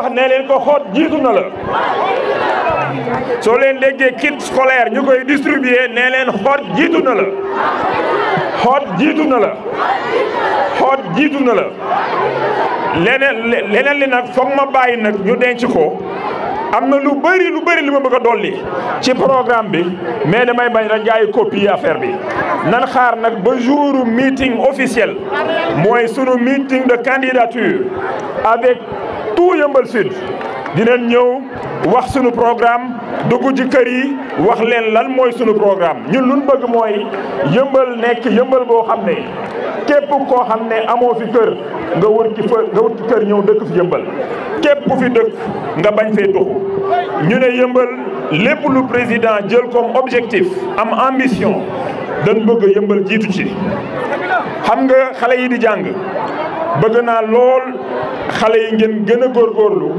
wax ne leen ko xoot jiitu na la soo leen déggee kit scolaire ñu koy distribuer ne leen xoot jiitu na la xoot jiitu na la xoot jiitu na la leneen leneen li nag foog ma bàyyi nag ñu denc ko am na lu bëri lu bëri li ma bëgg a dolli ci programme bi mais damay bañ rek gars yi copie bi nan xaar nag ba jouru meeting officiel mooy sunu meeting de candidature avec Yeumbeul Sud dinañ ñëw wax sunu programme dugg ci kër yi wax leen lan mooy sunu programme ñun luñ bëgg mooy Yeumbeul nekk Yeumbeul boo xam ne képp koo xam ne amoo fi kër nga wër ci nga wër kër ñëw dëkk fu Yeumbeul képp ku fi dëkk nga bañ fee tuxu ñu ne Yeumbeul lépp lu président jël koom objectif am ambition dañ bëgg Yeumbeul jiitu ci xam nga xale yi di jàng bëgg naa lool xalé yi ngeen gën a góorgóorlu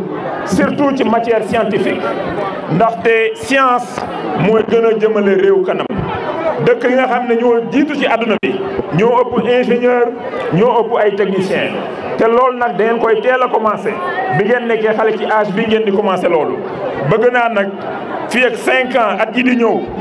surtout ci matière scientifique ndax té science moy gëna a réew kanam dëkk yi nga xamné ne ñoo jiitu ci aduna bi ñoo ëpp ingénieur ñoo ëpp ay technicien té lool nak da ngeen koy téla a commencé bi ngeen nekkee xale ci âge bi ngeen di commencé loolu bëgg na nak fi ak 5 ans at yi di ñëw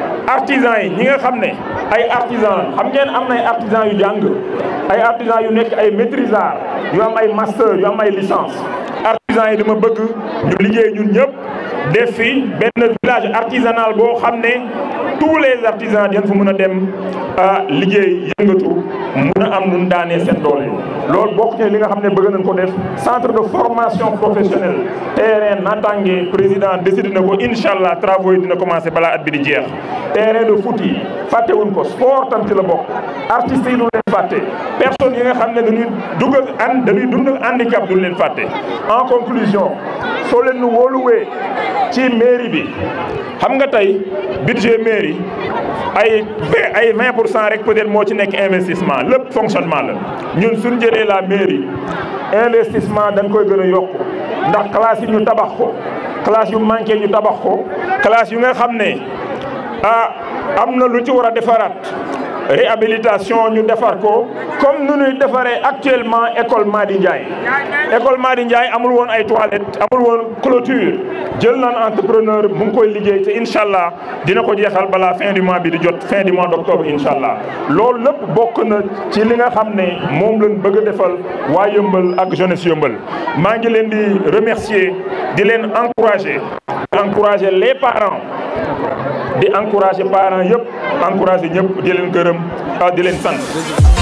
artisan yi ñi nga xamné ay artisan xam ngeen am nay artisan yu jang ay artisan yu nekk ay maîtriseur yu am ay master yu am ay licence artisan yi dama bëgg ñu liggéey ñun ñëpp def fi benn village artisanal bo xamné tous les artisans dañ fa mën a dem ah, liggéey yëngatu mën a am nun daanee doole loolu bokk ci li nga xam ne bëgg nañ ko def centre de formation professionnelle terrain natange président décidé na ko incha allah travaux yi dina commencé balaa at bi di jeex. terrain de foot yi fàttewuñ ko sport tam ci la bokk artistes yi du leen fàtte personnes yi nga xam ne dañuy dugal an dañuy handicap du leen fàtte. en conclusion soo leen wóoluwee ci mairie bi xam nga tey budget mairie. ay ay 20 pour cent rek moo ci nekk investissement lépp fonctionnement la ñun suñ jëlee la mairie investissement dañ koy gën a yokk ndax classe yi ñu tabax ko classe yu manqué ñu tabax ko classe yu nga xam ne ah am na lu ci war a defaraat. réhabilitation ñu défar ko comme nu ñuy défaré actuellement école Madi Ndiaye école Madi Ndiaye amul won ay toilettes amul won clôture jël nan entrepreneur mu ngi koy liggéey té inshallah dina ko jeexal balaa fin du mois bi di jot fin du mois d'octobre octobre lool lepp loolu bokk na ci li nga xamné mom lañ bëgg défal wa yëmbël ak jeunesse yëmbël ma ngi leen di remercier di leen encourager encourager les parents di encourager parents yëpp encouragé ñëpp di leen gërëm a ah, di leen sant